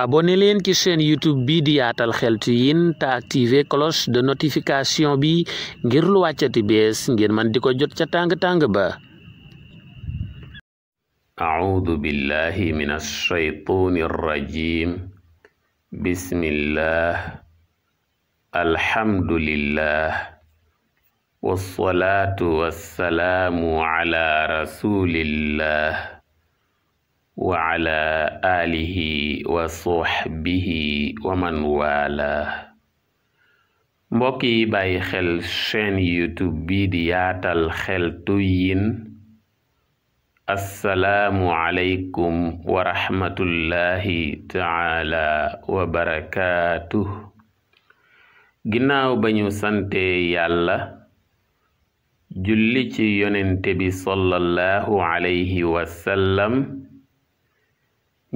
abonné leen ci chaîne youtube bi di yaatal xeltu yin te activer cloche de notification bi ngir lu wàccati bees ngir man di ko jot ca tàng-tàng ba a'udhu billahi minash shaytanir rajim bismillah alhamdulillah wassalatu wassalamu ala rasulillah wa ala alihi wa soxbihi wa man wala mbokk yi bàyyi xel chaîne youtube bi di yaatal xeltu yin assalaamu aleykum wa rahmatullahi taala wa barakaatuh ginnaaw ba ñu sante yàlla julli ci yonente bi sallallahu alayhi wa sallam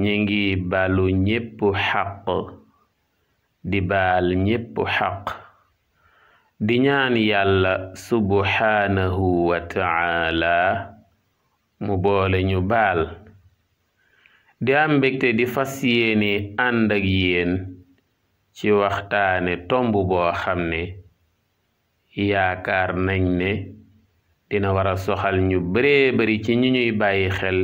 ñi ngi balu ñépp xaq di baal ñépp xaq di ñaan yàlla subhaanahu wa ta'ala mu boole ñu bal di am mbégte di fas yéene ànd ak yéen ci waxtaane tomb boo xam ne yaakaar nañ ne dina wara soxal ñu bare bari ci ñi ñuy bàyyi xel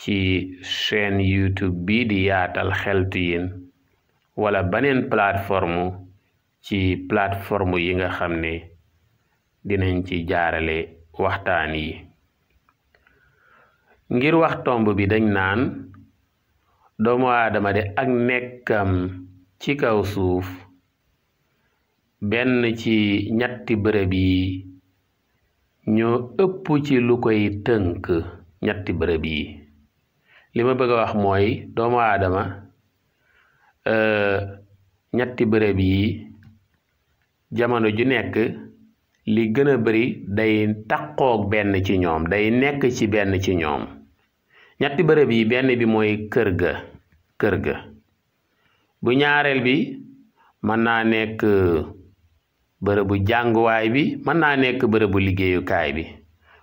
ci chaîne youtube bii di yaatal xeltu yin wala beneen plateforme ci plateforme yi nga xam ne dinañ ci jaarale waxtaan yi ngir wax tomb bi dañ naan doomu aadama de ak nekkam ci kaw suuf benn ci ñetti bërëb yi ñoo ëpp ci lu koy tënk ñetti bërëb yi li ma bëgg wax mooy doomu aadama euh, ñetti bërëb yi jamono ju nekk li gën a bari day takkook benn ci ñoom day nekk ci benn ci ñoom ñetti bërëb yi benn bi mooy kër ga kër ga bu ñaareel bi mën naa nekk bërëbu jànguwaay bi mën naa nekk bërëbu liggéeyukaay bi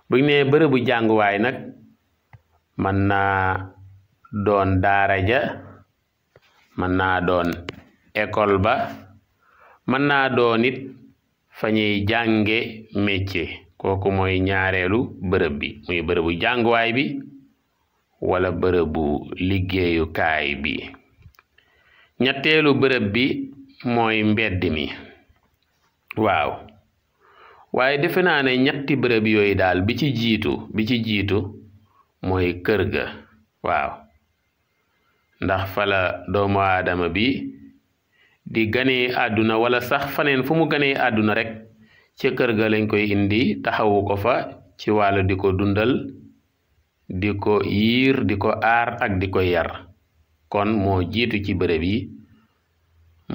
bu nee bërëbu jànguwaay nag mën naa doon daara ja mën naa doon école ba mën naa doonit it fa ñuy jànge métier kooku mooy ñaareelu bërëb bi muy bërëbu jànguwaay bi wala bërëbu liggéeyukaay bi ñetteelu bërëb bi mooy mbedd mi waaw waaye defe naa ne ñetti bërëb yooyu daal bi ci jiitu bi ci jiitu mooy kër ga waaw ndax fala doomu aadama bi di ganee àdduna wala sax faneen fu mu ganee àdduna rek ca kër ga lañ koy indi taxawu ko fa ci wàllu di ko dundal di ko yiir di ko aar ak di ko yar kon moo jiitu ci bërëb yi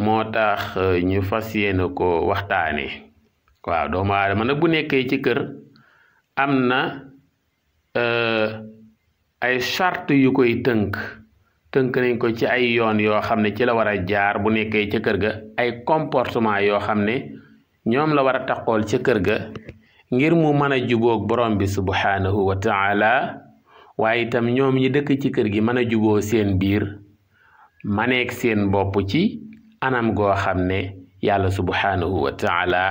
moo tax euh, ñu fas yéene ko waxtaane waaw doomu aadama nag bu nekkee ci kër am na euh, ay charte yu koy tënk tënk nañ ko ci ay yoon yoo xam ne ci la war a jaar bu nekkee ca kër ga ay comportement yoo xam ne ñoom la war a taxool ca kër ga ngir mu mën a jubóog borom bi subhaanahu wa taala waaye itam ñoom ñi dëkk ci kër gi mën a juboo seen biir maneeg seen bopp ci anam goo xam ne yàlla subhaanahu wa taala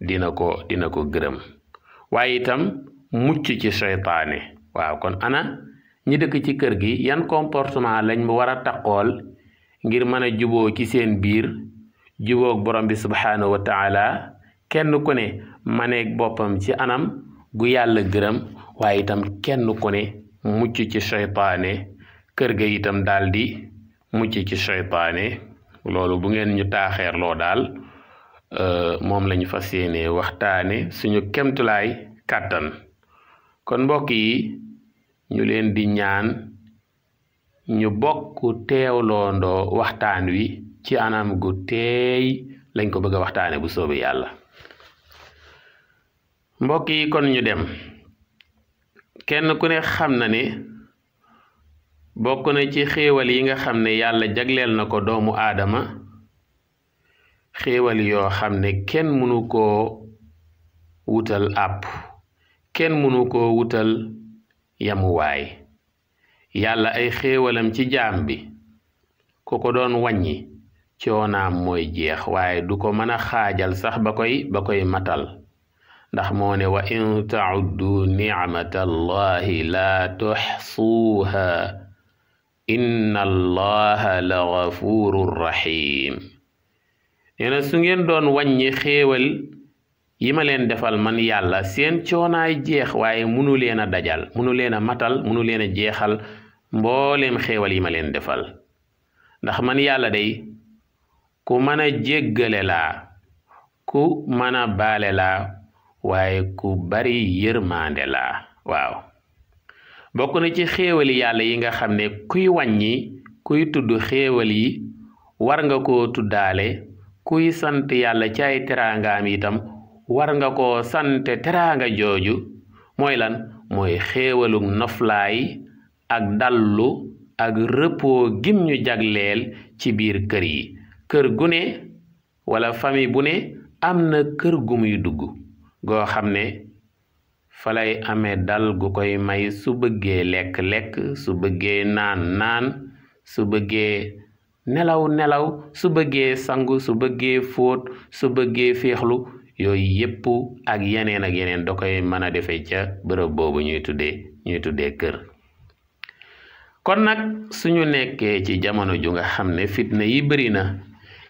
dina ko dina ko gërëm waaye itam mucc ci seytaane waaw kon ana ñi dëkk ci kër gi yan comportement lañ mu war a taqool ngir mën a juboo ci seen biir jubóog borom bi subhaanahu wa taala kenn ku ne maneeg boppam ci anam gu yàlla gërëm waaye itam kenn ku ne mucc ci seytaane kër ga itam daal mucc ci seytaane loolu bu ngeen ñu taaxeerloo daal euh, moom lañu fa yéene waxtaane suñu kemtulaay kàttan kon mbokk ñu leen di ñaan ñu bokk teewloondoo waxtaan wi ci anam gu teey lañ ko bëgg a waxtaane bu soobee yàlla mbokk yi kon ñu dem kenn ku ne xam na ne bokk na ci xéewal yi nga xam ne yàlla jagleel na ko doomu aadama xéewal yoo xam ne kenn mënu koo wutal àpp kenn mënu koo wutal yamuwaay yàlla ay xéewalam ci jaam bi ku ko doon wàññi coonaam mooy jeex waaye du ko mën a xaajal sax ba koy ba koy matal ndax moone ne wa in tacuddu nicmata allahi laa tuxsuuha inna allaha la gafurun rahim nee na doon wàññi xéewal yi ma leen defal man yàlla seen coonaay jeex waaye munu leen a dajal munu leen a matal munu leen a jeexal mboolem xéewal yi ma leen defal ndax man yàlla day ku mën a jéggale laa ku mën a baale laa waaye ku bari yërmaande laa waaw bokk na ci xéewali yàlla yi nga xam ne kuy wàññi kuy tudd xéewal yi war nga ko tuddaale kuy sant yàlla ci ay teraangaam itam war nga ko sante teraanga jooju mooy lan mooy xéewalug noflaay ak dallu ak repos gim ñu jagleel ci biir kër yi kër gu ne wala famille bu ne am na kër gu muy dugg goo xam ne falay amee dal gu koy may su bëggee lekk-lekk su bëggee naan naan su bëggee nelaw nelaw su bëggee sangu su bëggee fóot su bëggee féexlu yooyu yëpp ak yeneen ak yeneen da koy mën a defee ca bërëb boobu ñuy tuddee ñuy tuddee kër kon nag suñu nekkee ci jamono ju nga xam ne fitna yi bëri na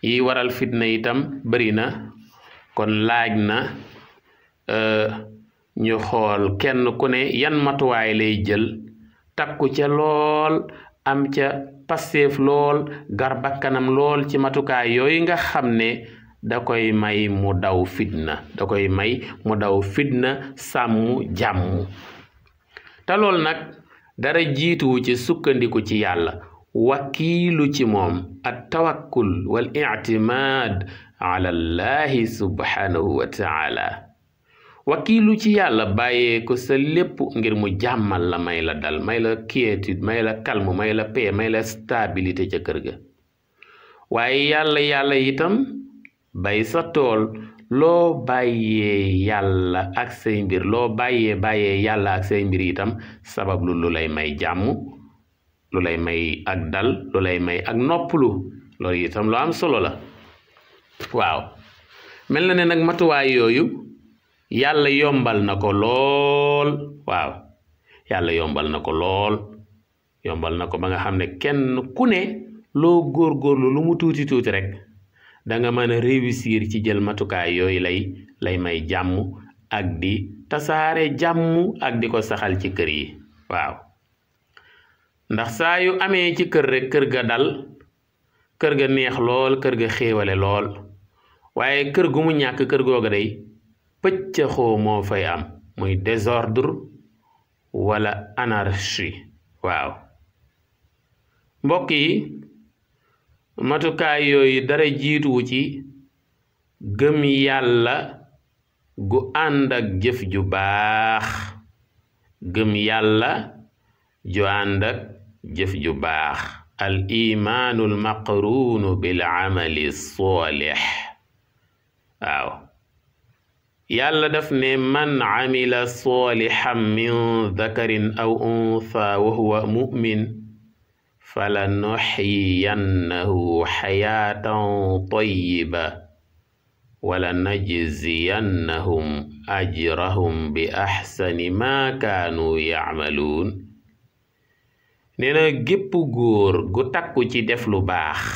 yi waral fitna itam bëri na kon laaj na euh, ñu xool kenn ku ne yan matuwaay lay jël takku ca lool am ca passeef lool gar bakkanam lool ci matukaay yooyu nga xam ne da koy may mu daw fitna da koy may mu daw fitna sàmm jàmm te loolu nag dara jiituwu ci sukkandiku ci yàlla wakiilu ci moom at tawakkul wal ictimaad ala llahi subhanahu wakiilu ci yàlla bàyyee sa lépp ngir mu jàmmal la may la dal may la quiétude may la calme may la stabilité ca kër ga waaye yàlla yàlla itam bay sa tool loo bàyyee yàlla ak say mbir loo bàyyee bàyyee yàlla ak say mbir itam sabab lu lu lay may jàmm lu lay may ak dal lu lay may ak noppalu loolu itam lu am solo la waaw mel na ne nag matuwaay yooyu yàlla yombal na ko lool waaw yàlla yombal na ko lool yombal na ko ba nga xam ne kenn ku ne loo góorgóorlu lu mu tuuti tuuti rek da nga mën a réussir ci jël matukaay yooyu lay lay may jàmm ak di tasaare jàmm ak di ko saxal ci kër yi waaw ndax saa yu amee ci kër rek kër ga dal kër ga neex lool kër ga xéewale lool waaye kër gu mu ñàkk kër googa day pëccëxoo moo fay am muy désordre wala anarchie waaw mbokk yi matukaay yooyu dara jiituwu ci gëm yàlla gu ànd ak jëf ju baax gëm yàlla ju ànd ak jëf ju baax al imaanu al maqruunu bil amali saalix waaw yàlla daf ne man amila saalixan min dakarin aw untha wa huwa mu'min فلنحيينه حياة طيبة ولنجزينهم أجرهم بأحسن ما كانوا يعملون nee na gépp góor gu takku ci def lu baax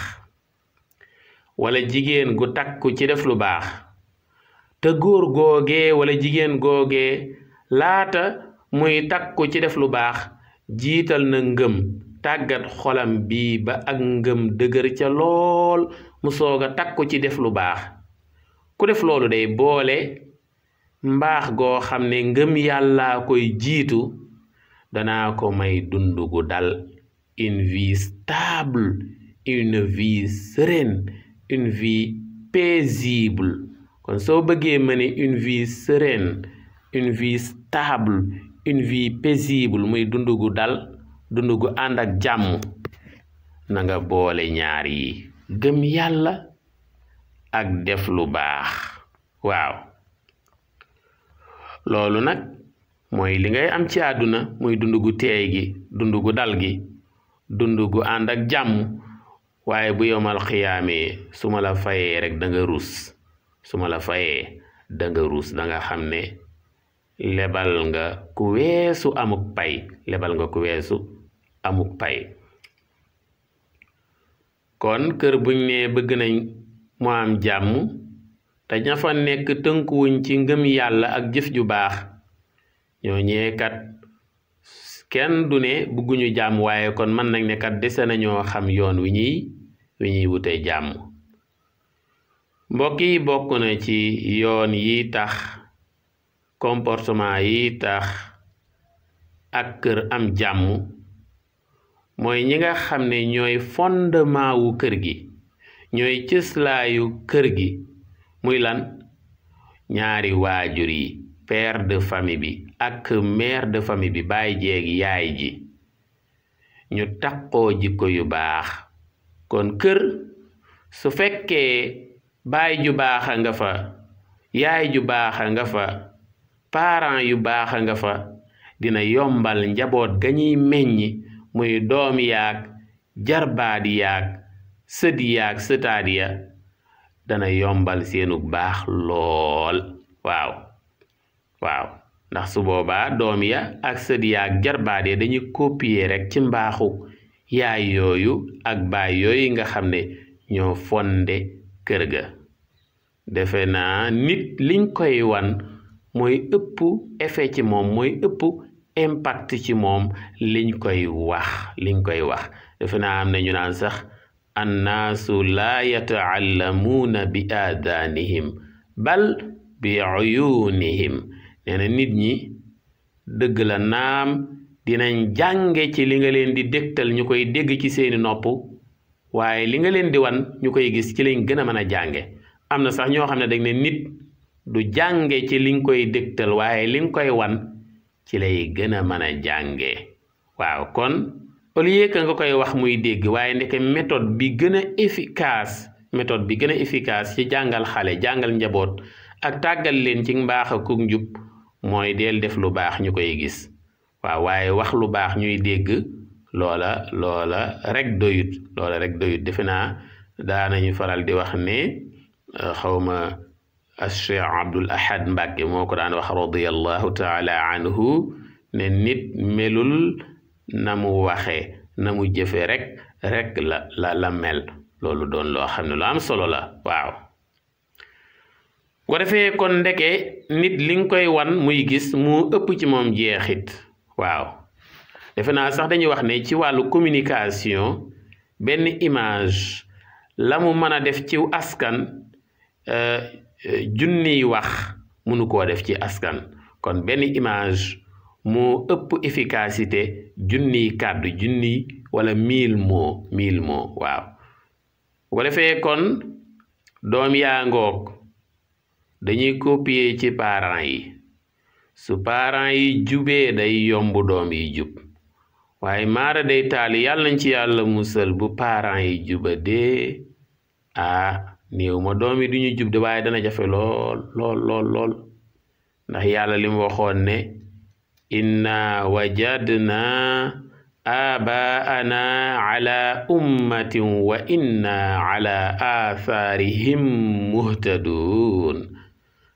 wala jigéen gu takku ci def lu baax te góor googee wala jigéen googe laata muy takku ci def lu baax jiital na ngëm tàggat xolam bi ba ak ngëm dëgër ca lool mu soog a takku ci def lu baax ku def loolu day boole mbaax goo xam ne ngëm yàlla koy jiitu danaa ko may dund gu dal une vie stable une vie sereine une vie paisible kon soo bëggee ma ne une vie sereine une vie stable une vie paisible muy dund gu dal dund gu ànd ak jàmm na boole ñaar yi gëm yàlla ak def lu baax waaw loolu nag mooy li ngay am ci àdduna muy dund gu teey gi dund gu dal gi dund gu ànd ak jàmm waaye bu yomal xiyaamee su ma la fayee rek da ruus su ma la fayee danga ruus da nga xam ne lebal nga ku weesu amuk pay lebal nga ku weesu amuk pay kon kër buñ ne bëgg nañ mu am jàmm te ña fa nekk tënkuwuñ ci ngëm yàlla ak jëf ju baax ñoo ñee kenn du ne bëgguñu jàmm waaye kon mën nañ ne dese nañoo xam yoon wi ñuy wi ñuy wute jàmm mbokk bokk na ci yoon yi tax comportement yi tax ak kër am jàmm mooy ñi nga xam ne ñooy fondement wu kër gi ñooy cëslaayu kër gi muy lan ñaari waajur yi père de famille bi ak mère de famille bi baay jeeg yaay ji ñu taqoo jikko yu baax kon kër su fekkee baay ju baax a nga fa yaay ju baax a nga fa parents yu baax a nga fa dina yombal njaboot ga ñuy meññ muy doom yaag jarbaad yaag sët yaag sëtaat ya dana yombal seenu baax lool waaw ndax su boobaa doom ya ak sët yaag jarbaad ya dañu copier rekk ci mbaaxu yaay yooyu ak baay yooyu nga xam ne ñoo fonde kër ga defe naa nit liñ koy wan mooy ëpp effet ci moom mooy ëpp impact ci moom liñ koy wax liñ koy wax defe naa am na ñu naan sax annaasu laa yataallamuuna bi aadaanihim bal bi uyuunihim nee na nit ñi dëgg la naam dinañ jànge ci li nga leen di dégtal ñu koy dégg ci seeni nopp waaye li nga leen di wan ñu koy gis ci lañ gën a mën a jànge am na sax ñoo xam ne dañ ne nit du jànge ci liñ koy dégtal waaye liñ koy wan ci lay gën a mën a jànge waaw kon au lieu que nga koy wax muy dégg waaye ndeke méthode bi gën a efficace méthode bi gën a efficace ci jàngal xale jàngal njaboot ak tàggal leen ci mbaax ak njub mooy deel def lu baax ñu koy gis waaw waaye wax lu baax ñuy dégg loola loola rek doyut loola rek doyut defe naa daanañu faral di wax ne euh, xawma Cheikh Abdul Ahad Mbàkke moo ko daan wax radiyallahu taala anhu ne nit melul na mu waxee na mu jëfe rek rek la la la loolu doon loo xam ne lu am solo la waaw bu ko kon ndeke nit li koy wan muy gis mu ëpp ci moom jeexit waaw defe naa sax dañuy wax ne ci wàllu communication benn image la mu mën a def ci askan euh, junniy wax mënu ko def ci askan kon benn image moo ëpp efficacité junniy kàddu junniy wala mille mots mille mots waaw bu kon doom yaa ngoog dañuy copier ci parents yi su parents yi jubee day yomb doom yi jub waaye maara day taali yàlla nañ ci yàlla musal bu parant yi juba dee ah néew ma doom yi du ñu jub de waaye dana jafe lool lool ndax yàlla li mu waxoon ne inna wajadna abaana ala ummatin wa inna ala aathaarihim muhtadun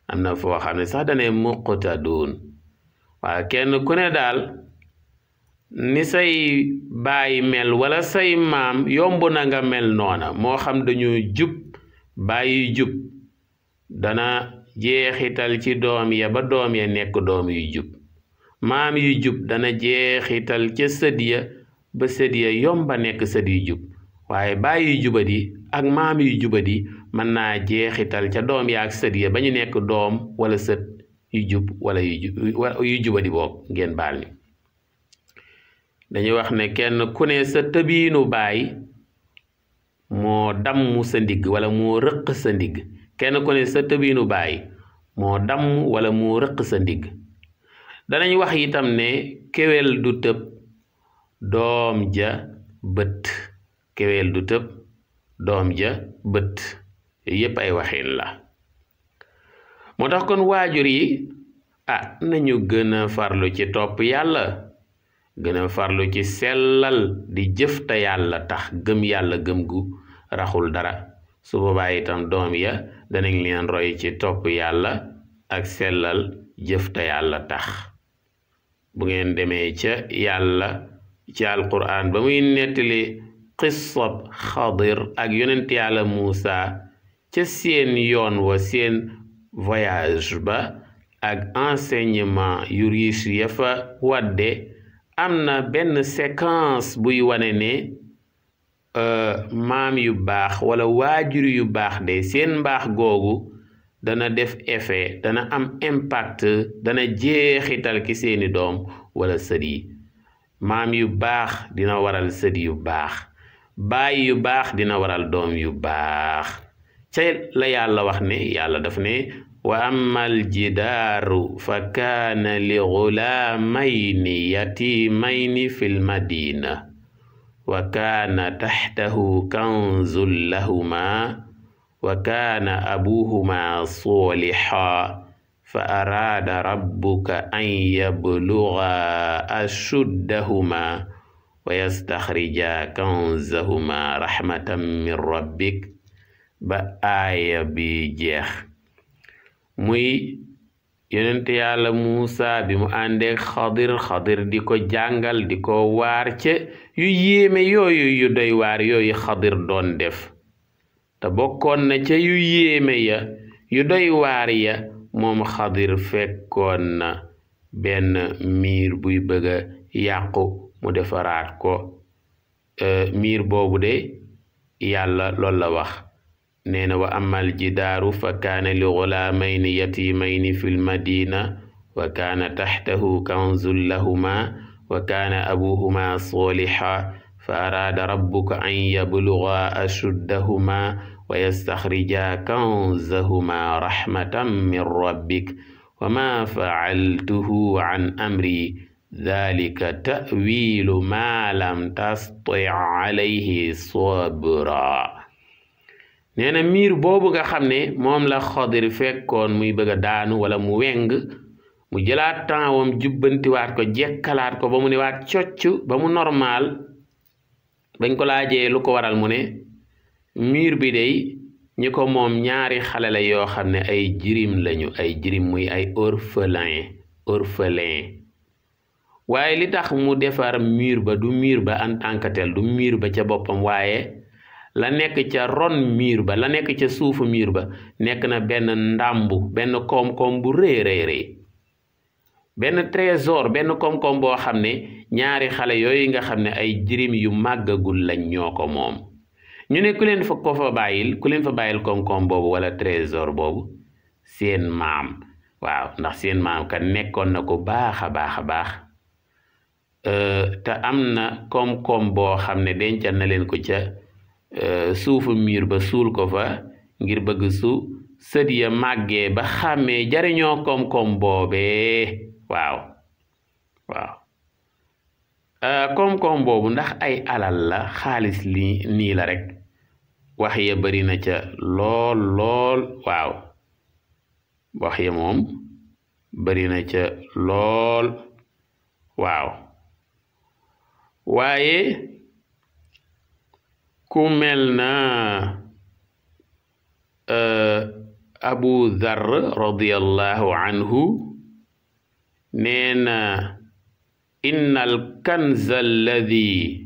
am na foo xam ne sax dane muqtadun waa kenn ku ne daal ni say baay mel wala say maam yomb nanga nga mel noona moo xam dañu jub bàyyi jub dana jeexital ci doom ya ba doom ya nekk doom yu jub maam yu jub dana jeexital ca sët ya ba sët ya yomba nekk sët yu jub waaye bàyyi juba jubadi ak maam yu juba jubadi mën naa jeexital ca doom ya ak sët ya ba ñu nekk doom wala sët yu jub wala yu jubadi boobu ngeen baal ni dañuy wax ne kenn ku ne sa tëbiinu baay moo damm sa ndigg wala moo rëq sa ndigg kenn ku ne sa tëbiinu baay moo damm walla moo rëq sa ndigg danañ wax itam ne kéwél du tëb doom ja bët kéwél du tëb doom ja bët yépp ay waxin la moo tax kon waajur yi ah nañu gën a farlu ci topp yàlla gën farlu ci sellal di jëf te yàlla tax gëm yàlla gëm gu raxul dara su boobaa itam doom ya danañ leen roy ci topp yàlla ak sellal jëf te yàlla tax bu ngeen demee ca yàlla ci alquran ba muy nettali xissab xadir ak yonent yàlla Muusa ca seen yoon wa seen voyage ba ak enseignement yu riche ya fa wadde am na benn séquence buy wane ne euh, maam yu baax wala waajur yu baax de seen mbaax googu dana def effet dana am impact dana jeexital ki seeni doom wala sët yi maam yu baax dina waral sët yu baax baay yu baax dina waral doom yu baax ca la yàlla wax ne yàlla daf ne wa amma aljidaaru fa kaana li gulaamayni yatiimayni fi lmadina wa kaana taxtahu kanzun lahuma wa kaana abuhuma soolixa fa araada rabbuka an yabluga ashuddahuma wa yastaxrija kanzahuma raxmatan min rabbik ba aaya bi jeex muy yonent yàlla Muusa bi mu àndeek xadir xadir di ko jàngal di ko waar ca yu yéeme yooyu yu doy waar yooyu xadir doon def te bokkoon na ca yu yéeme ya yu doy waar ya moom xadir fekkoon na benn miir buy bëgga a yàqu mu defaraat ko miir boobu de yàlla loolu la wax nee na wa amal jidaaru fa kaana li gulaamayni yatimayni fi lmadina wa kaana taxtahu kanzun lahuma wa kaana abuhuma solixa fa araada rabbuka an yabluga ashuddahuma wa yastaxrija kanzahuma raxmatan min rabbik wa ma faaltuhu an amri dalika tawilu ma lam tasti alayhi sabra nee na miir boobu nga xam ne moom la Xadir fekkoon muy bëgg a daanu wala mu weng mu jëlaat tempsam jubbantiwaat ko jekkalaat ko ba mu ne waat cocc ba mu normal bañ ko laajee lu ko waral mu ne miir bi day ñi ko moom ñaari xale la yoo xam ne ay jirim lañu ay jirim muy ay orphelin orphelin waaye li tax mu defar miir ba du miir ba en du miir ba ca boppam waaye la nekk ca ron miir ba la nekk ca suufu miir ba nekk na benn ndàmbu benn koom-koom bu rëy rëy rëy benn trésor benn koom-koom boo xam ne ñaari xale yooyu nga xam ne ay jirim yu màggagul lañ ñoo ko moom ñu ne ku leen fa ko fa bàyyil ku leen fa bàyyil koom-koom boobu wala trésor boobu seen maam waaw ndax seen maam nekkoon na ko baax a baax a baax euh, te am na koom-koom boo xam ne dencal na leen ko ca Euh, suufu miir ba suul ko fa ngir bëgg su sët ya màggee ba xàmmee jariñoo koom-koom boobee waaw waaw euh, koom boobu ndax ay alal la xaalis li nii la rek wax ya bari na ca lool lool waaw wax ya moom bari na ca lool waaw waaye ku mel na eh, abu dhar radiyallahu anhu neena inna alkanza alladi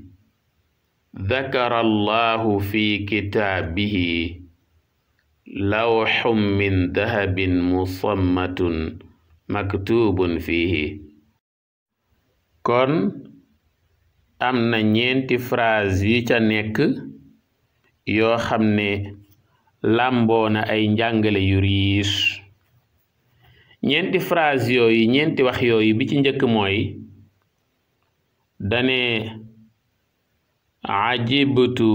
dakara allahu fi kitaabihi lawxun min dahabin musammatun maktubun fihi kon am na ñeenti phrase yi ca nekk yoo xam ne làmboo na ay njàngale yu riis ñeenti phrase yooyu ñeenti wax yooyu bi ci njëkk mooy dane ajibtu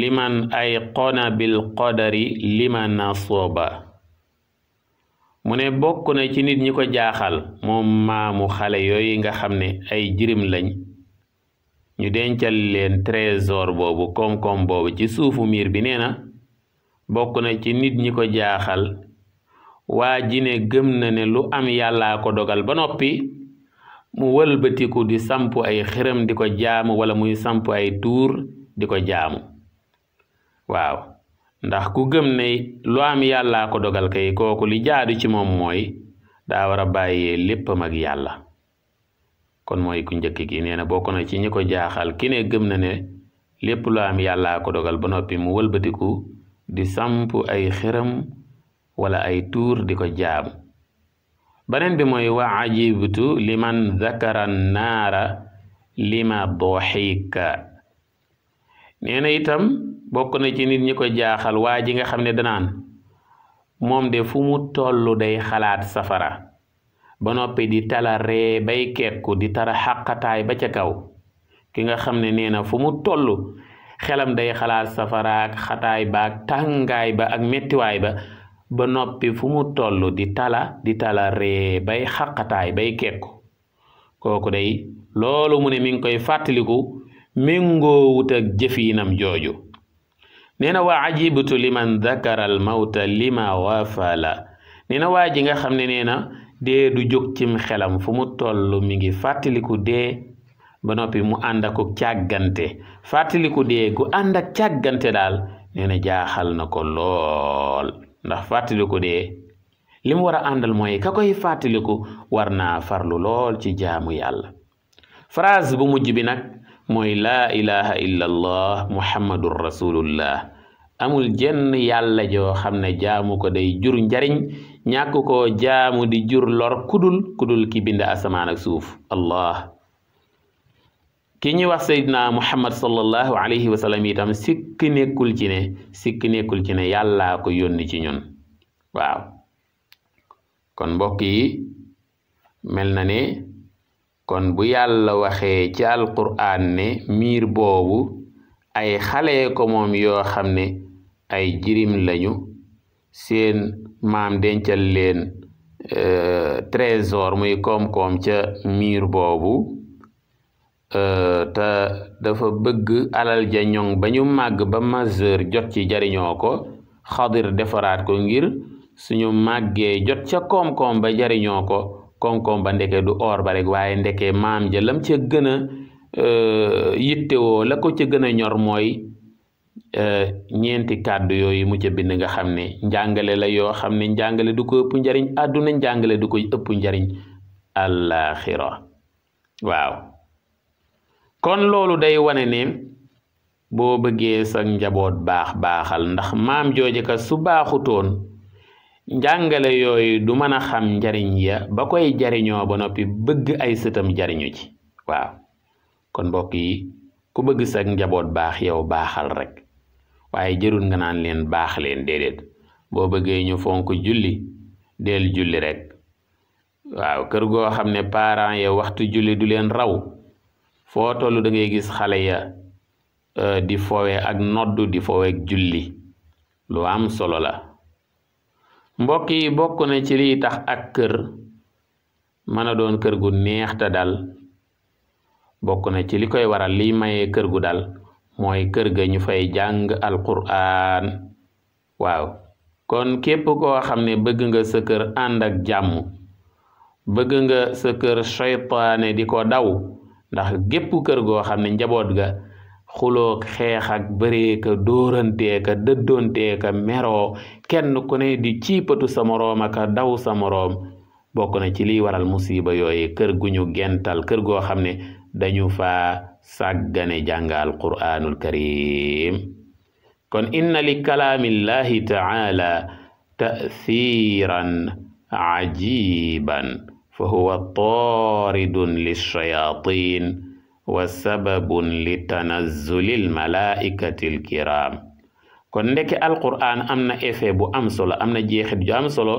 liman ayqona bil qadari liman asoba mu ne bokk na ci nit ñi ko jaaxal moom maamu xale yooyu nga xam ne ay jirim lañ ñu dencal leen trésor boobu koom-koom boobu ci suufu miir bi nee na bokk na ci nit ñi ko jaaxal waa ji ne gëm na ne lu am yàllaa ko dogal ba noppi mu wëlbatiku di samp ay xërëm di ko jaamu wala muy samp ay duur di ko jaamu waaw ndax ku gën ne lu am yàllaa ko dogal kay kooku li jaadu ci moom mooy daa war a bàyyee léppam mag yàlla kon mooy ku njëkk ki nee na bokk na ci ñi ko jaaxal ki ne gëm na ne lépp lu am yàllaa ko dogal ba noppi mu walbatiku di samp ay xëram wala ay tuur di ko jaamu beneen bi mooy wa ajibtu liman zakara naara lima doxika nee itam bokk na ci nit ñi ko jaaxal waa ji nga xam ne danaan moom de fu mu toll day xalaat safara ba noppi di tala ree bay keeku di tara xàqataay ba ca kaw ki nga xam ne nee na fu mu toll xelam day xalaat safaraak xataay baak tàngaay ba ak mettiwaay ba ba noppi fu mu toll di tala di tala ree bay xàqataay bay keeku kooku day loolu mu ne mi ngi koy fàttaliku méngoowut ak jëfiinam jooju nee na waa ajibtu liman dakaral al mawta lima wafala nee waa ji nga xam ne nee dee du jóg xelam fu mu toll mi ngi fàttaliku dee ba noppi mu ànd ak càggante fàttaliku dee gu ànd ak càggante daal nee na jaaxal na ko lool ndax fàttaliku dee li mu war a àndal mooy ka koy fàttaliku war naa farlu lool ci jaamu yàlla phrase bu mujj bi nag mooy laa ilaha illa allah muhammadun rasulullah amul jenn yàlla joo xam ne jaamu ko day jur njariñ ñàkk ko jaamu di jur lor kudul kudul ki bind asamaan ak suuf allah ki ñuy wax sayyidina muhammad sallallahu alayhi wa sallam itam sikk ci ne sikk ci ne yàllaa ko yónni ci ñun waaw kon mbokk yi mel na ne kon bu yàlla waxee ci alquraan ne miir boobu ay xale ko moom yoo xam ne ay jirim lañu seen maam dencal leen euh, trésor muy koom-koom ca miir boobu euh, te dafa bëgg alal ja ñoŋ ba ñu màgg ba maseur jot ci jariñoo ko xadir defaraat ko ngir suñu màggee jot ca koom-koom ba jariñoo ko koom-koom ba ndeke du oor ba rek waaye ndeke maam ja lam ca gën a euh, yittewoo la ko ca gën a ñor mooy Euh, ñeenti kàddu yooyu mu ca bind nga xam ne njàngale la yoo xam ne njàngale du ko ëpp njariñ àdduna njàngale du koy ëpp njariñ àllaaxira waaw kon loolu day wane ne boo bëggee sa njaboot baax baaxal ndax maam jooje ka su baaxutoon njàngale yooyu du mën a xam njariñ ya ba koy jariñoo ba noppi bëgg ay sëtam jariñu ci waaw kon mbokk yi ku bëgg sa njaboot baax yow baaxal rek waaye jërul nga naan leen baax leen déedéet boo bëggee ñu fonk julli del julli rek waaw kër goo xam ne parents ya waxtu julli du leen raw foo toll da gis xale ya euh, di fowe ak noddu di fowe ak julli lu am solo la mbokk yi bokk na ci liy tax ak kër mën a doon kër gu neex te dal bokk na ci li koy waral li mayee kër gu dal mooy kër ga ñu fay jàng alquraan waaw kon képp koo xam ne bëgg nga sa kër ànd ak jàmm bëgg nga sa kër seytaane di ko daw ndax gépp kër goo xam ne njaboot ga xulook xeex ak bëree ka dóorantee ka meroo kenn ku ne di ciipatu sa moroom aka daw sa moroom bokk na ci liy waral musiba yooyu kër gu ñu gental kër goo xam ne dañu faa sàggane jàng alquraanul karim kon inna li kalaamillahi taala ta'thiran cajiban fa huwa taaridun lilshayaatin wa sababun li tanazzuli almalaikati alkiram kon ndeke alqur'an am na effet bu am solo am na jeexit ju am solo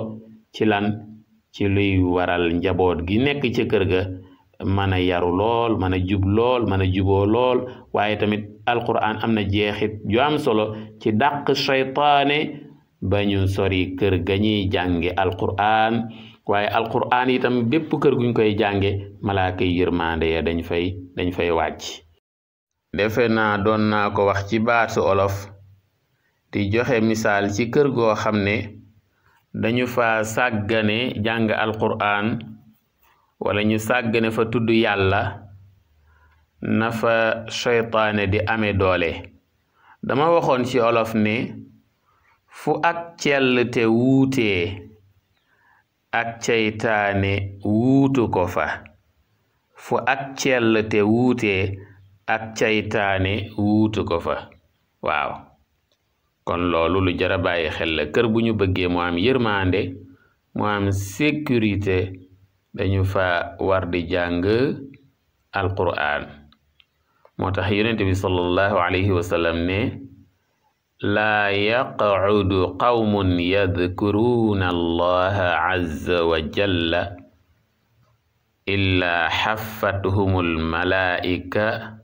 ci lan ci luy waral njaboot gi nekk ci kër ga mën a yaru lool mën a jub lool mën a juboo lool waaye tamit alquran am na jeexit ju am solo ci dàq seytaane ba ñu sori kër ga ñuy jànge alquran waaye alquran itam bépp kër guñ koy jànge malaaka yi yërmande ya dañ fay dañ fay wàcc defe na doon naa ko wax ci baatu olof di joxe misaal ci kër goo xam ne dañu fa sàggane jàng alquran wala ñu ne fa tudd yàlla na fa seytaane di ame doole dama waxoon ci olof ne fu ak cell te wuutee ak ceytaane wuutu ko fa fu ak cell te wuutee ak ceytaane wuutu ko fa waaw kon loolu lu jar bàyyi xel la kër bu ñu bëggee mu am yërmande mu am sécurité dañu fa war di jàng alquran moo tax yonente bi sallallahu alayhi wa sallam ne laa yaqcudu qawmun yadkuruuna allaha azza wa jalla illaa xaffathum almalaa'ika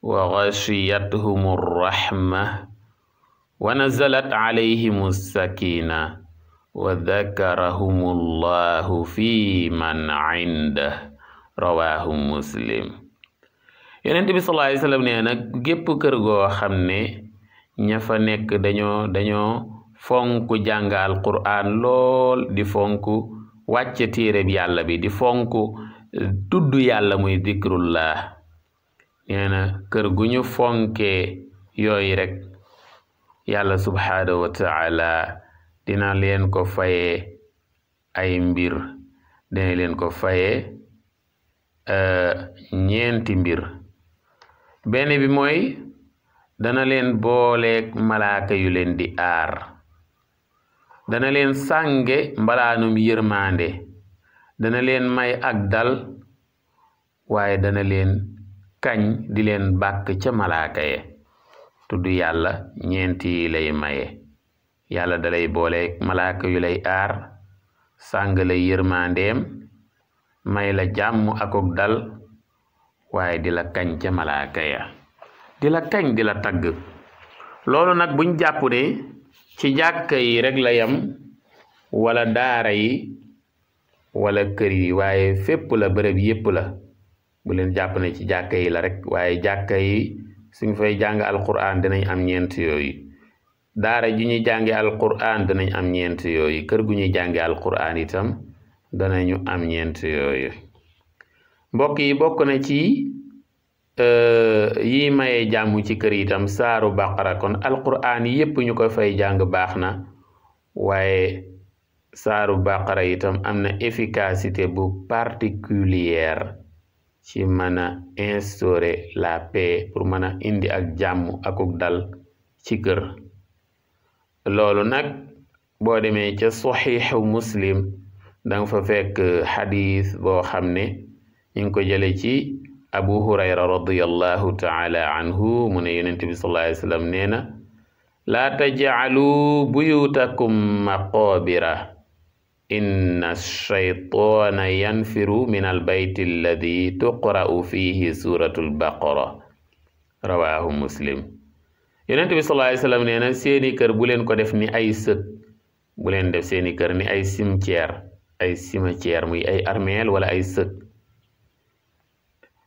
wa gashiyatuhum arrahma wa nazalat calayhim assakina wa dakarahum allahu fi man indah muslim yonent bi sallallahu alayhi wasallam nee nag gépp kër goo xam ne ña fa nekk dañoo dañoo fonk jàng alquran lool di fonk wàcce téereb yàlla bi di fonk tudd yàlla muy dikrullah nee na kër gu ñu rek yàlla subhaanahu wa taala dina leen ko fayee ay mbir dina leen ko fayee eh, ñeenti mbir benn bi mooy dana leen booleeg malaaka yu leen di aar dana leen sànge mbalaanum yërmaande dana leen may ak dal waaye dana leen kañ di leen bàkk ca malaaka ye tudd yàlla ñeenti yi lay maye yàlla dalay boole malaaka yu lay aar sàng la yërmandeem may la jàmm akok dal waaye dila kañ ca malaaka ya kañ di la tagg loolu nag buñ jàpp ci jàkka yi rek la yam wala daara yi wala kër yi waaye fépp la bërëb yépp la bu leen jàpp ne ci jàkka yi la rek waaye jàkka yi suñ fay jàng alquran nañ am ñeent yooyu daara ju ñuy jànge alquran danañ am ñeent yooyu kër gu ñuy jànge alquran itam danañu am ñeent yooyu mbokk yi bokk na ci e, yi maye jàmm ci kër itam saaru baqara kon alquran yépp ñu koy fay jàng baax na waaye saaru baqara itam am na efficacité bu particulière ci mën a instaurer la paix pour mën a indi ak jàmm akuk dal ci kër loolu nag boo demee ca saxiixu muslim danga fa fekk xadis boo xam ne ñu ngi ko jële ci abu hurayra radiallahu taala anhu mu ne yonent bi sallallahu alayhi wa sallam nee na laa tajcalu buyutakum maqaabira inna shaytaana yanfiru min albayti alladi tuqra'u fihi suratu albaqara rawahu muslim yonent bi sallallahu alayhi nee na seeni kër bu leen ko def ni ay sët bu leen def seeni kër ni ay cimetière ay cimetière muy ay armeel wala ay sët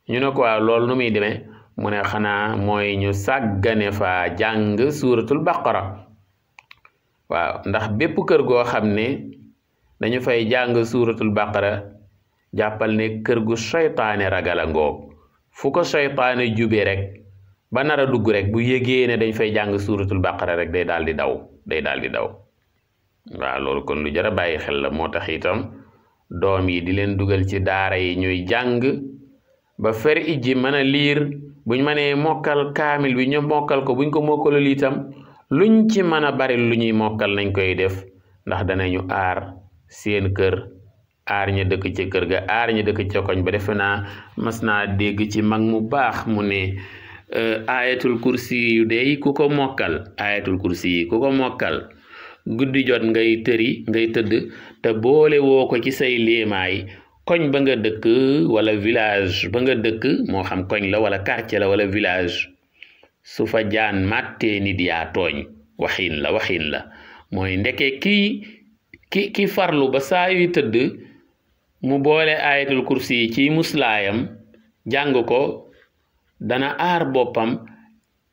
ñu ne ko waaw loolu nu muy demee mu ne xanaa mooy ñu sàggane fa jàng suuratul baqara waaw ndax bépp kër goo xam ne dañu fay jàng suuratul baqara jàppal ne kër gu seytaane ragala ngoog fu ko seytaane jube rek ba nara dugg rek bu yégee ne dañ fay jàng suuratul baqara rek day daal di daw day daal di daw waaw loolu kon lu jar a bàyyi xel la moo tax itam doom yi di leen dugal ci daara yi ñuy jàng ba fer ijji mën a liir buñ mënee mokkal kaamil bi ñu mokkal ko buñ ko mokkalul itam luñ ci mën a bari lu ñuy mokkal nañ koy def ndax danañu aar seen kër aar ña dëkk ca kër ga aar ña dëkk ca koñ ba defe naa mas naa dégg ci mag mu baax mu ne Euh, ayatul kursi yu dey ku ko mokkal ayatul kursi yi ku ko mokkal guddi jot ngay tëri ngay tëdd te boole woo ko ci say léemaay koñ ba nga dëkk wala village ba nga dëkk moo xam koñ la wala quartier la wala village su fa jaan màttee nit yaa tooñ waxiin la waxiin la mooy ndeke ki ki farlu ba saa yuy tëdd mu boole ayatul kursi yi ci muslaayam jàng ko dana aar boppam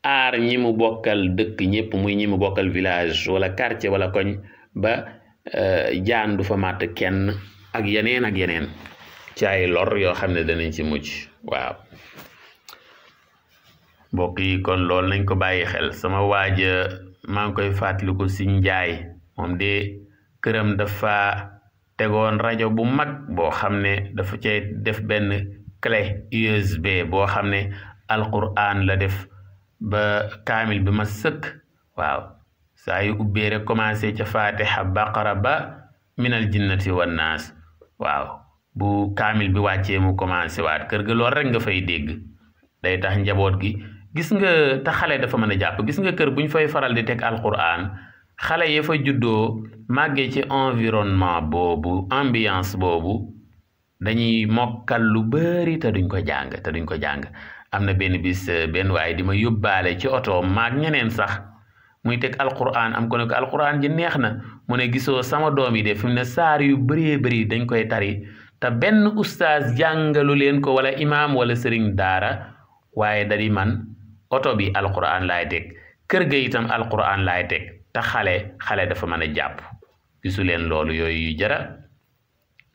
aar ñi mu bokkal dëkk ñépp muy ñi mu bokkal village wala quartier wala koñ ba euh, jaan du fa màtt kenn ak yeneen ak yeneen ci ay lor yoo xam ne danañ ci mucc waaw mbokk yi kon loolu nañ ko bàyyi xel sama waaja maa ngi koy fàttaliku si njaay moom de këram dafa tegoon rajo bu mag boo xam ne dafa cay def benn clé USB boo xam ne alquran la def ba kaamil bi ma sëkk waaw saa yu ubbee rek commencé ca fatiha baqara ba minal jinnati wan naas waaw bu kaamil bi wàccee mu commencé waat kër ga lool rek nga fay dégg day tax njaboot gi gis nga te xale dafa mën a jàpp gis nga kër bu ñu fay faral di teg alquran xale ya fa juddoo màggee ci environnement boobu ambiance boobu dañuy mokkal lu bari te duñ ko jàng te duñ ko jàng am na benn bis euh, benn waaye di ma yóbbaale ci oto maag ñeneen sax muy teg alquran am ko ne ko ji neex na mu ne gisoo sama doom yi de fim ne saar yu bëree bëri dañ koy tari te benn ustaas jàngalu leen ko wala imaam wala sëriñ daara waaye dari man oto bi alquran laay teg kër ga itam alquran laay teg te xale xale dafa mën a jàpp gisu leen loolu yooyu jara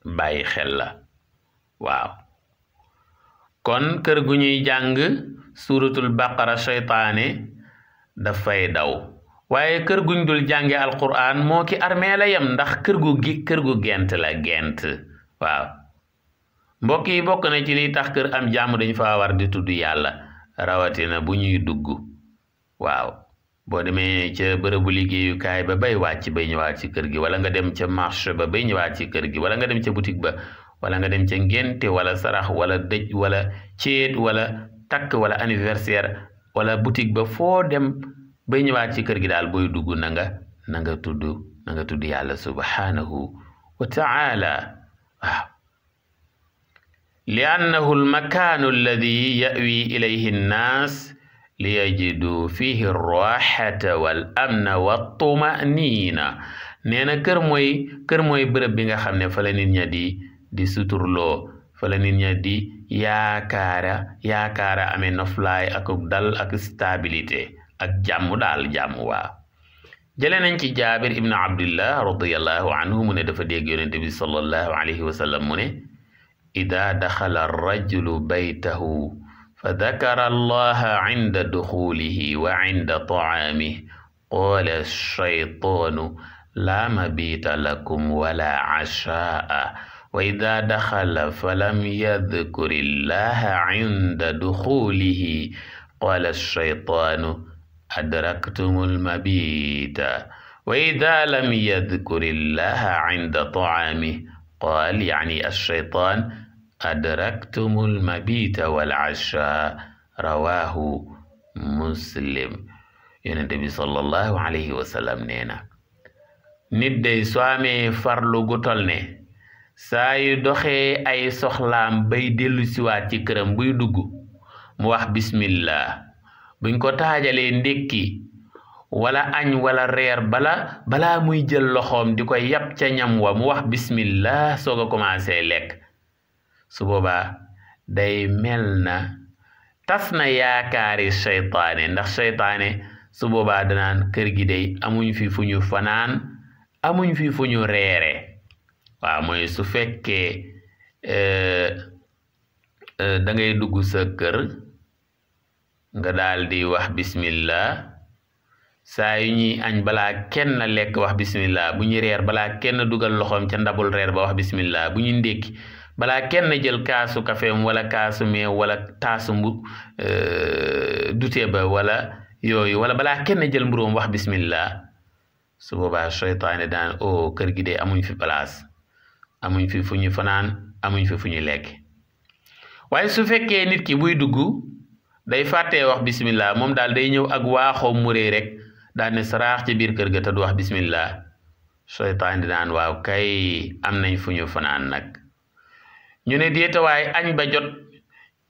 bàyyi xel la waaw kon kër gu ñuy jàng suuratul baqara seytaane daf fay daw waaye kër guñ dul jànge alquran moo ki armee la yem ndax kër gu gi kër gu gent la gent waaw mbokk yi bokk na ci liy tax kër am jàmm dañu fa war di tudd yàlla rawatina bu ñuy dugg waaw boo demee ca bërëbu liggéeyukaay ba bay wàcc bay ñëwaat ci kër gi wala nga dem ca marché ba bay ñëwaat ci kër gi wala nga dem ca boutique ba wala nga dem ca ngénte wala sarax wala dëj wala céet wala takk wala anniversaire wala boutique ba foo dem bay ñëwaat ci kër gi daal booy dugg na nga na tudd yàlla subhanahu wa taala waaw li annahu almakaanu alladi yawi ilayhi annaas liyajiduu fihi raxata wal amna wa tumanina nee na kër mooy kër mooy bërëb bi nga xam ne fa la di suturloo fa la nit ña di yaakaara yaakaara amee noflaay ak dal ak stabilité ak jàmm daal jàmm waa jëlee nañ ci jaabir ibnu abdillah radiallahu anhu mu ne dafa dégg yonente bi sallallahu alayhi wa sallam mu ne ida daxala rajulu baytahu fa dakara allaha inda duxulihi wa inda taamih qaala shaytaanu laa mabiita lakum wala ashaa wa ida daxala falam yadkur illaha inda duxulihi qaala alcheytaanu adraktum almabita wa ida lam yadkur illaha inda tacaamih qaal yani alcheytaan adraktum almabita walcasha rawaahu muslim yonent bi sallallahu alayhi wa sallam nee na nit day soo amee farlu gu tol ne saa yu doxee ay soxlaam bay dellusiwaat ci këram buy dugg mu wax bismillah buñ ko taajalee ndékki wala añ wala reer bala balaa muy jël loxoom di ko yàpp ca ñam wa mu wax bismillah soog a commencé lekk su boobaa day mel na tas na yaakaari seytaane ndax seytaane su boobaa danaan kër gi day amuñ fi fu ñu fanaan amuñ fi fu ñu reere waaw mooy su fekkee eh, eh, dangay dugg sa kër nga daal di wax bismillah saa yu ñuy añ balaa kenn lekk wax bismillah bu ñu reer balaa kenn dugal loxoom ca ndabul reer ba wax bismillah bu ñu ndékki balaa kenn jël kaasu kafeem wala kaasu meew wala taasu mbu eh, dutee wala yooyu wala balaa kenn jël mburóom wax bismillah su boobaa seytaane daan o oh, kër gi de amuñ fi place amuñ fi fu ñu fanaan amuñ fi fu ñu lekk waaye su fekkee nit ki buy dugg day fàttee wax bismillah moom daal day ñëw ak waaxoom mu réy rek daal ne saraax ci biir kër ga te du wax bismillah seytaan dinaan waaw kay am nañ fu ñu fanaan nag ñu ne déetawaay añ ba jot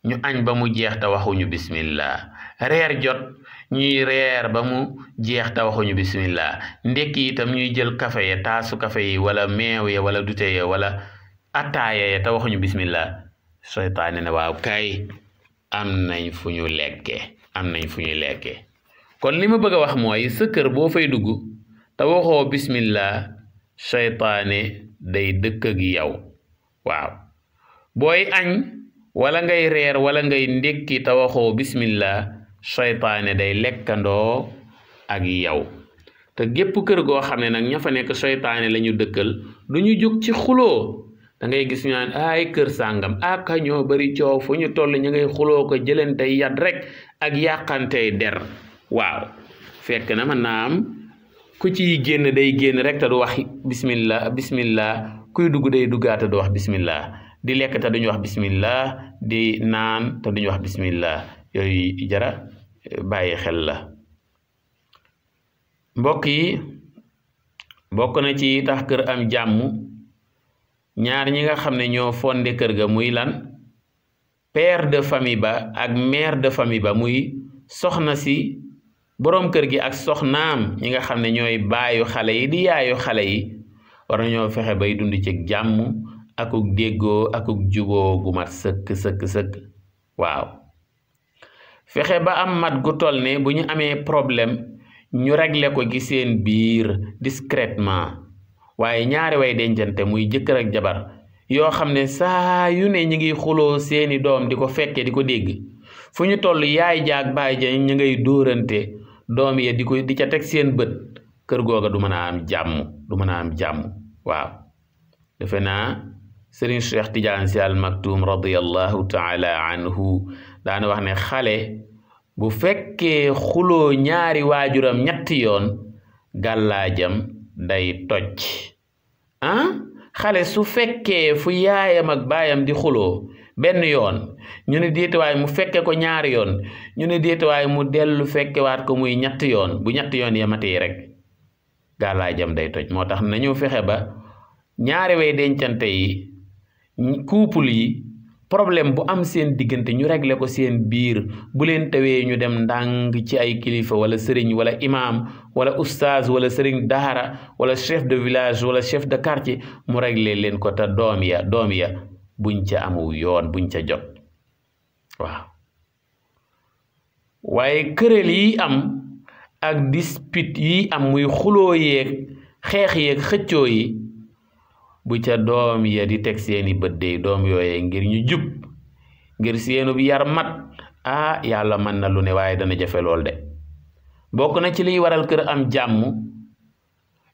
ñu añ ba mu jeex te waxuñu bismillah reer jot ñuy reer ba mu jeex te waxuñu bismillah ndekki itam ñuy jël kafe ya taasu kafe yi wala meew ya wala dute ya wala ataaya ya te waxuñu bismillah seytaane ne waaw kay am nañ fu ñu lekke am nañ fu ñu lekke kon li ma bëgg a wax mooy sa kër boo fay dugg te waxoo bismillah seytaane day dëkk ak yow waaw booy añ wala ngay reer wala ngay ndékki te waxoo bismillah soytaane day lekkandoo ak yow te gépp kër goo xam ne nag ña fa nekk soytaane lañu ñu dëkkal du ñu jóg ci xuloo dangay gis ñu naan ay kër sàngam ak ah ñoo bari coow fu ñu toll ñu ngay xuloo ko day yat rek ak yàqantey der waaw fekk na mën naa ku ciy génn day génn rek te du wax bismillah bismillah kuy dugg day duggaat te du di lekk te duñu wax bismillah di naan te duñu wax bismillah yooyu jara bàyyi xel la mbokk yi bokk na ci tax kër am jàmm ñaar ñi nga xam ne ñoo fonde kër ga muy lan père de famille ba ak mère de famille ba muy soxna si boroom kër gi ak soxnaam ñi nga xam ne ñooy baayu xale yi di yaayu xale yi war nañoo fexe bay dund ci jàmm akuk déggoo akuk juboo gu mat sëkk sëkk sëkk waaw fexe ba am mat gu toll ne bu ñu amee problème ñu régler ko gi seen biir discrètement waaye ñaari way dencante muy jëkkër ak jabar yoo xam ne saa yu ne ñi ngi xuloo seeni doom di ko fekkee di ko dégg fu ñu toll yaay jaag baay ñu ngay dóorante doom ya di ko di ca teg seen bët kër googa du mën a am jàmm du mën a am jàmm waaw defe naa Serigne Cheikh Tidiane Sy Al Maktoum radiyallahu anhu daana wax ne xale bu fekkee xuloo ñaari waajuram ñetti yoon gàllaajam day toj ah xale su fekkee fu yaayam ak baayam di xuloo benn yoon ñu ne déetewaay mu fekke ko ñaar yoon ñu ne déetewaay mu dellu fekkewaat ko muy ñetti yoon bu ñetti yoon yamatee rek gàllaajam day toj moo tax nañu fexe ba ñaari way dencante yi couple yi problème bu am seen diggante ñu régler ko seen biir bu leen tawee ñu dem ndàng ci ay kilifa wala sëriñ wala imam wala ustaaz wala sëriñ daara wala chef de village wala chef de quartier mu régler leen ko te doom ya doom ya buñ ca amu yoon buñ ca jot waaw waaye këral yi am ak dispute yi am muy xuloo yeeg xeex yeeg xëccoo yi bu ca doom ya di teg seeni bët dey doom yooyee ngir ñu jub ngir seenub yar mat ah yàlla mën na lu ne waaye dana jafe lool de bokk na ci liy waral kër am jàmm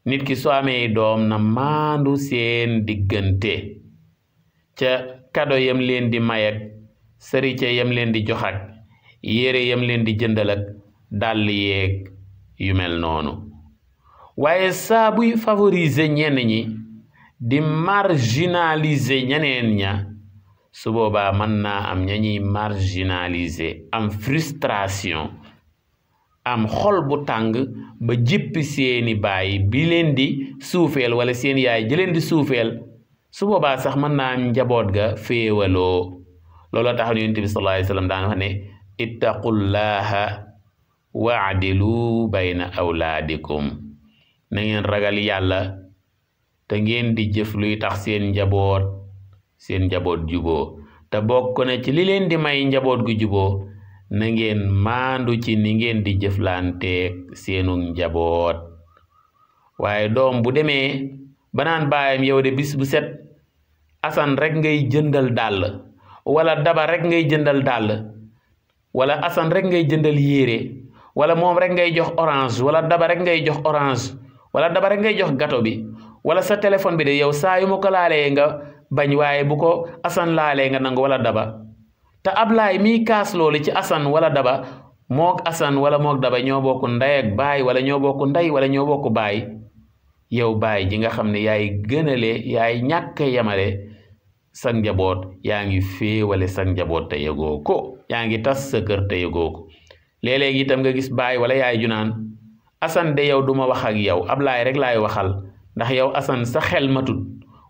nit ki soo amee doom na maandu seen diggante ca kado yam leen di may ak sarice yam leen di jox ak yére yam leen di jëndal ak dàll yeeg yu mel noonu waaye saa buy favoriser ñenn ñi di marginaliser ñeneen ña su boobaa mën naa am ña ñuy marginaliser am frustration am xol bu tàng ba jippi seeni baay bi leen di suufeel wala seeni yaay ji suufeel su boobaa sax mën naa am njaboot ga féewaloo looloo tax yonent bi sallallahu alayhi wa sallam daan wax ne ittaqullaha waadilu bayna awlaadikum na ngeen ragal yàlla te ngeen di jëf luy tax seen njaboot seen njaboot juboo te bokk na ci li leen di may njaboot gu juboo na ngeen maandu ci ni ngeen di jëflanteeg seenu njaboot waaye doom bu demee banaan baayam yow de bis bu set asan rek ngay jëndal dàll wala daba rek ngay jëndal dàll wala asan rek ngay jëndal yére wala moom rek ngay jox orange wala ngay jox orange wala daba rek ngay jox gato bi wala sa téléphone bi de yow saa yu ma ko laalee nga bañ waaye bu ko asan laalee nga nangu wala daba te ablaay mi kaas loolu ci asan wala daba mook asan wala mook daba ñoo bokk ndey ak baay wala ñoo bokk ndey wala ñoo bokk baay yow baay ji nga xam ne yaay gënale yaay ñàkk yamale sa njaboot yaa ngi féewale sa njaboot te yëgoo ko yaa ngi tas sa kër te yëgoo ko léeg itam nga gis baay wala yaay ju naan asan de yow duma wax ak yow ablaay rek laay waxal ndax yow asan sa xel matut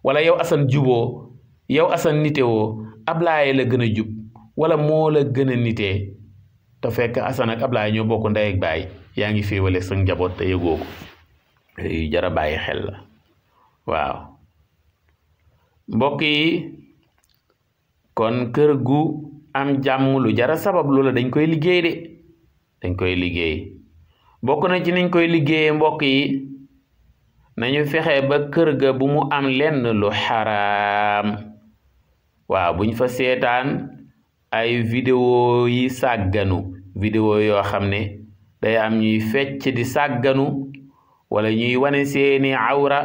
wala yow asan juboo yow asan nitewoo ablaaye la gën a jub wala moo la gën a nitee te fekk asan ak ablaaye ñoo bokk ndey baay yaa ngi féewale sa njaboot te yëgoo ko jara bàyyi xel la waaw mbokk yi kon kër gu am jàmm lu jara sabab loola dañ koy liggéey de dañ koy liggéey bokk na ci niñ koy liggéeye mbokk yi ñu fexe ba kër ga bu mu am lenn lu xaraam waaw buñ fa seetaan ay vidéo yi sàgganu vidéo yoo xam ne day am ñuy fecc di sàgganu wala ñuy wane seeni awra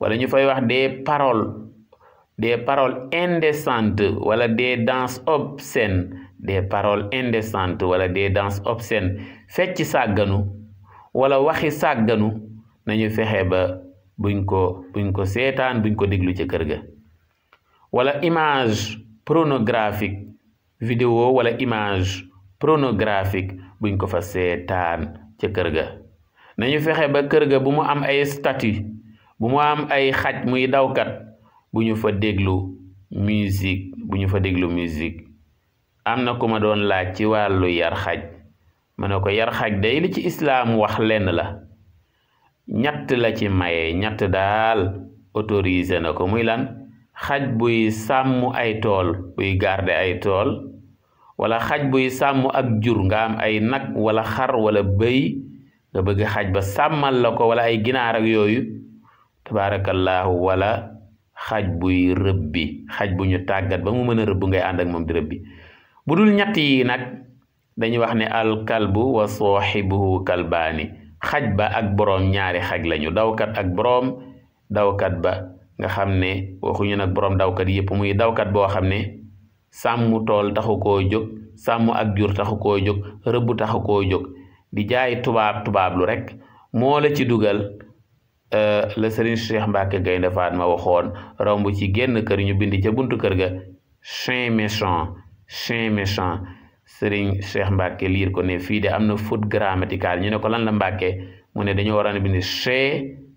wala ñu fay wax de paroles des paroles indécentes wala de danses obscènes des paroles indécentes wala de danses obscènes fecc sàgganu wala waxi sàgganu nañu fexe ba buñ ko buñ ko seetaan buñ ko déglu ca kër ga wala image pornographique vidéo wala image pornographique buñ ko fa seetaan ca kër ga nañu fexe ba kër ga bu mu am ay statut bu mu am ay xaj muy dawkat bu ñu fa déglu musique bu ñu fa déglu musique am na ku ma doon laaj ci wàllu yar xaj ma ne ko yar xaj day li ci islaam wax lenn la ñett la ci maye ñett daal autorisé na ko muy lan xaj buy sàmm ay tool buy garde ay tool wala xaj buy sàmm ak jur nga am ay nag wala xar wala bëy nga bëgg xaj ba sàmmal la ko wala ay ginaar ak yooyu tabaarakallaahu wala xaj buy rëbbi xaj bu ñu tàggat ba mu mën a rëbb ngay ànd ak moom di rëbbi bu dul ñett yi nag dañuy wax ne alkalbu wa sooxibuhu kalbaani xaj ba ak boroom ñaari xaj lañu dawkat ak boroom dawkat ba nga xam ne waxuñu nag boroom dawkat yëpp muy dawkat boo xam ne sàmm tool taxu ko jóg sàmm ak jur taxu koo jóg rëbb taxu koo jóg di jaay tubaab tubaab lu rek moola ci dugal euh, le Serigne Cheikh Mbacke Gaynde ma waxoon romb ci génn kër ñu bind ca buntu kër ga chien méchant chien méchant sëriñ Cheikh Mbacke liir ko ne fii de am na faute grammaticale ñu ne ko lan la Mbacke mu ne dañoo waroon a bind chien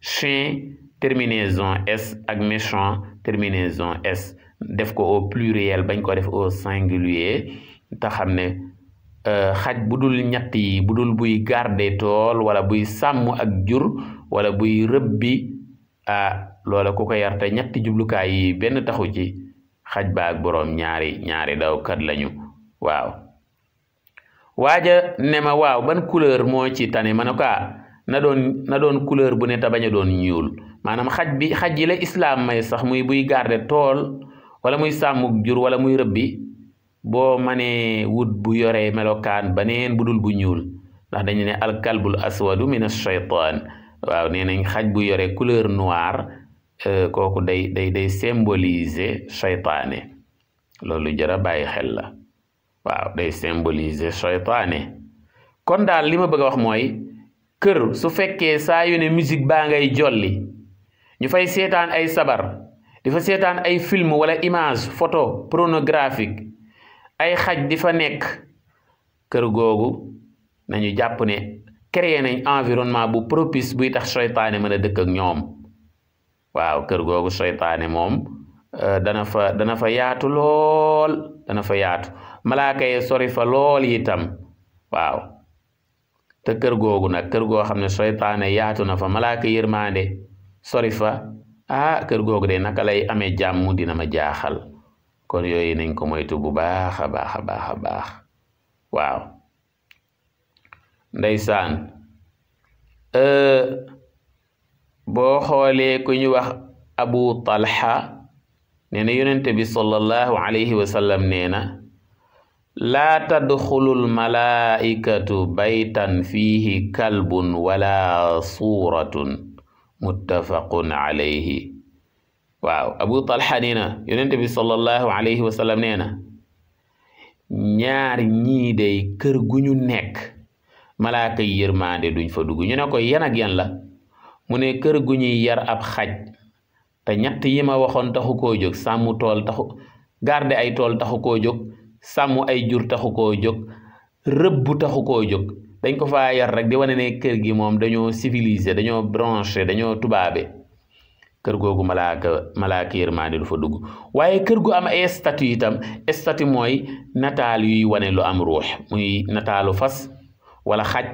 chien terminaison s ak méchant terminaison s def ko au pluriel bañ ko def au singulier te xam ne euh, xaj bu dul ñett yi bu dul buy garder tool wala buy sàmm ak jur wala buy rëbbi ah loola ku ko yar te ñetti jublukaay yi benn taxu ci xaj ba ak boroom ñaari ñaari dawkat lañu waaw. waaja ne ma waaw ban couleur moo ci tane manoka ne ah, na doon na doon couleur bu ne te a doon ñuul maanaam xaj bi xaj yi la islaam may sax muy buy garder tool wala muy sàmmug jur wala muy rëbbi bo manee wut bu yoree melokaan baneen bu dul bu ñuul ndax dañu ne alkalbul aswadu min ashaytaan waaw nee nañ xaj bu yore couleur noire euh, kooku day day day symboliser shaytaane loolu jara bàyyi xel la waaw day symboliser seytaane kon daal li ma bëgg a wax mooy kër su fekkee saa yu ne musique baa ngay jolli ñu fay seetaan ay sabar di fa seetaan ay film wala image photo pornographique ay xaj di fa nekk kër googu nañu jàpp ne créer nañ environnement bu propice buy tax seytaane mën a dëkk ak ñoom waaw kër googu seytaane moom Eh, dana fa dana yaatu lool dana fa yaatu malaaka yi sori fa lool itam waaw te kër googu nag kër goo xam ne seytaane yaatu na fa malaaka yërmaande sori fa ah kër googu de naka lay amee jàmm dina ma jaaxal kon yooy nañ ko moytu bu baax a baax a baax a baax waaw ndeysaan eh, boo xoolee ku ñu wax abu talha nee na yonente bi sallallahu alayhi wa sallam nee na laa tadxulul malaikatu baytan fiihi kalbun wala suuratun muttafaqun alayhi waaw abu talha nee na yonente bi sallallahu alayhi wa sallam nee na ñaar ñii kër gu ñu nekk malaaka yërmaande duñ fa dugg ñu ne ko yan ak la mu ne kër gu ñuy yar ab xaj te ñett yi ma waxoon taxu koo jóg sàmm tool taxu garde ay tool taxu ko jog sàmm ay jur taxu ko jóg rëbb taxu ko jóg dañ ko faa yar rek di wane ne kër gi moom dañoo civilisé dañoo branché dañoo tubaabe kër googu malaaka malaaka yërmaande du fa dugg waaye kër gu am ay statut itam statut mooy nataal yuy wane lu am ruux muy nataalu fas wala xaj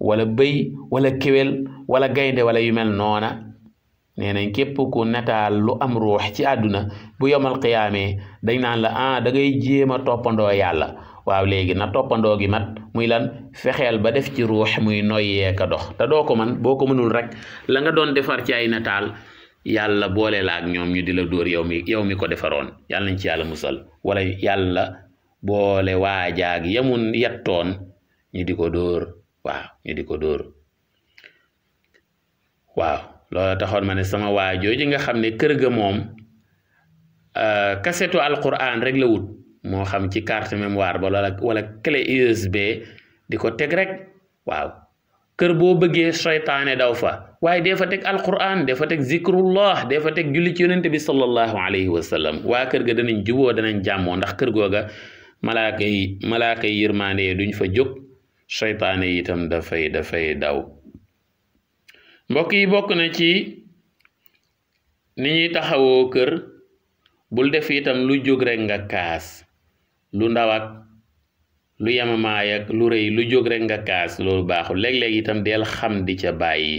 wala bëy wala kéwél wala gaynde wala yu mel noona nee nañ képp ku nataal lu am ruux ci àdduna bu yomal xiyaamee dañ naan la ah da ngay jéem a toppandoo yàlla waaw léegi na toppandoo gi mat muy lan fexeel ba def ci ruux muy noyyee ka dox te doo ko man boo ko mënul rek la nga doon defar ci ay nataal yàlla boole la ñoom ñu di la dóor yow mi yow mi ko defaroon yàlla nañ ci yàlla musal wala yàlla boole waajaag yamu yettoon ñu di ko dóor waaw ñu di ko dóor waaw loolu taxoon ma ne sama waa jooju nga xam ne kër ga moom euh, kasetu alquran rek la wut moo xam ci carte mémoire ba loola wala clé USB di ko teg rek waaw kër boo bëggee seytaane daw fa waaye dee fa teg alquran dee fa teg zikrullah dee fa teg julli ci yonente bi sallallahu alayhi wa sallam waa kër ga danañ juboo danañ jàmmoo ndax kër googa malaaka yi malaaka yi yërmaande duñ fa jóg seytaane itam dafay dafay daw mbokk yi bokk na ci ni ñuy taxawoo kër bul def itam lu jóg rek nga kaas lu ndaw ak lu yamamaay ak lu rëy lu jóg rek nga kaas loolu baaxul léeg-léeg itam del xam di ca bàyyi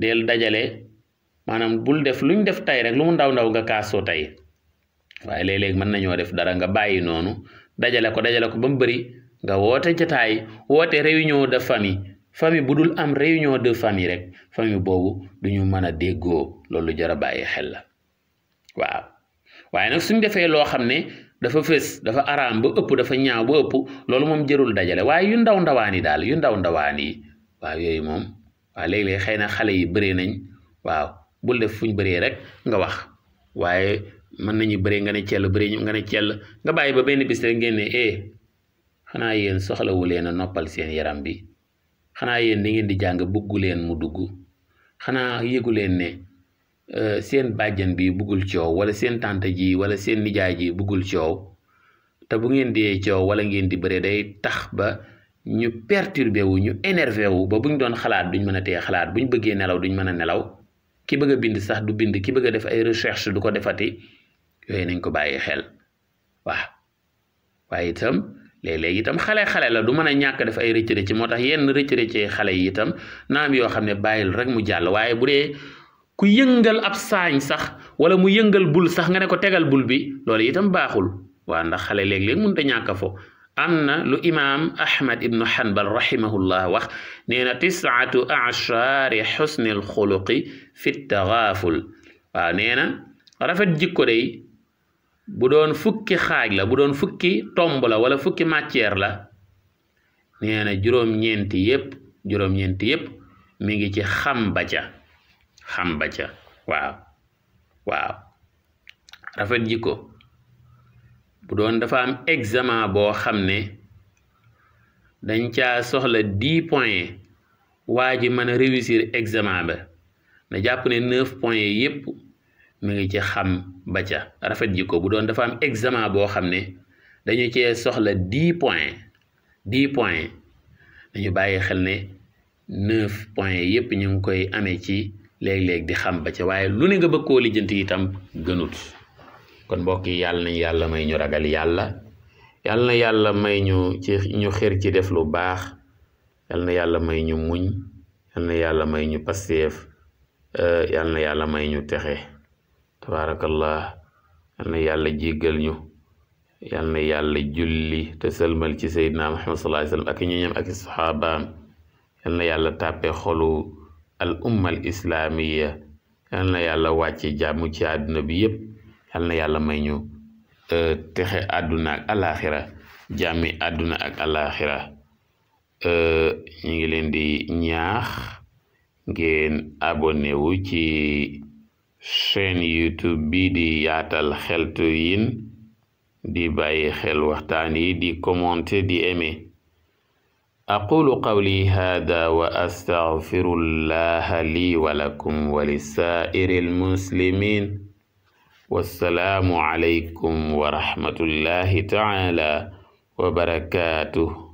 del dajale maanaam bul def luñ def tey rek lu mu ndaw ndaw nga kaasoo tey waaye léeg-léeg mën nañoo def dara nga bàyyi noonu dajale ko dajale ko ba mu bëri nga woote jataay woote réunion de famille famille bu dul am réunion de famille rek famille boobu du ñu mën a déggoo loolu jar a bàyyi xel la waaw waaye nag suñ defee loo xam ne dafa fés dafa araam ba ëpp dafa ñaaw ba ëpp loolu moom jërul dajale waaye yu ndaw ndawaan yi daal yu ndaw ndawaan yi waaw yooyu moom waa léeg-léeg xëy na xale yi bëree nañ waaw bu def fuñ bëree rek nga wax waaye mën nañu bëree nga ne cell bëree ñu nga ne cell nga bàyyi ba benn bis rek ngeen ne eh, xanaa yéen soxlawu leen a noppal seen yaram bi. xanaa yéen li ngeen di jàng buggu leen mu dugg xanaa yëgu leen ne euh, seen bàjjan bi buggul coow wala seen tante ji wala seen nijaay ji buggul coow te bu ngeen di dee coow wala ngeen di bëre day tax ba ñu perturbé wu ñu énervé wu ba buñ doon xalaat duñ mën a tee xalaat bu ñu bëggee nelaw duñ mën a nelaw ki bëgg bind sax du bind ki bëgg a def ay recherche du ko defati yooyu nañ ko bàyyi xel waaw waaye itam léeg-léeg itam xale-xale la du mën a ñàkk def ay rëcc rëcc moo tax yenn rëcc rëcc xale yi itam naam yoo xam ne bàyyil rek mu jàll waaye bu dee ku yëngal ab saañ sax wala mu yëngal bul sax nga ne ko tegal bul bi loolu itam baaxul waa ndax xale léeg-léeg mënut a ñàkk fo am na lu imaam ahmad ibnu hanbal rahimahullah wax nee na tisaatu achari xusni alxuluqi fi taxaaful waaw nee na rafet jikko day bu doon fukki xaaj la bu doon fukki tomb la wala fukki matière la nee na juróom-ñeenti yépp juróom ngi ci xam ba ca xam ba ca waaw waaw rafet jikko bu doon dafa am examen boo xam ne dañ caa soxla dix points waa ji mën a réussir examen ba na jàpp ne neuf points yépp mu ngi ci xam ba ca rafet jikko bu doon dafa am examen boo xam ne dañu cee soxla dix points dix points dañu bàyyi xel ne neuf points yépp ñu ngi koy amee ci léeg-léeg di xam ba ca waaye lu ne nga bëgg koo lijjanti itam gënut kon mbokk yi yàlla nañ yàlla may ñu ragal yàlla yàlla na yàlla may ñu ci ñu xër ci def lu baax yàlla na yàlla may ñu muñ yàlla na yàlla may ñu pasteef euh, yàlla na yàlla may ñu texe tabaarakallah yal na yàlla jéggal ñu yal na yàlla julli te sëlmal ci seydina muhammad sallallahu alayhi wasallam ak ñoñam ak saxaabaam yal na yàlla tàppe xolu al umma al islaamiya na yàlla wàcce jàmm ci àdduna bi yépp yal na yàlla mayñu e, texe àdduna ak alaxira jàmmi àdduna ak alaxira e, ñu ngi leen di ñaax ngeen abonné ci chaîne youtube bi di yaatal xeltu yin di bàyyi xel waxtaan yi di commenté di aimé aqulu qawli hada wa astaghfirullaha li wa lakum wa lisaa'iril muslimin wassalaamu alaykum wa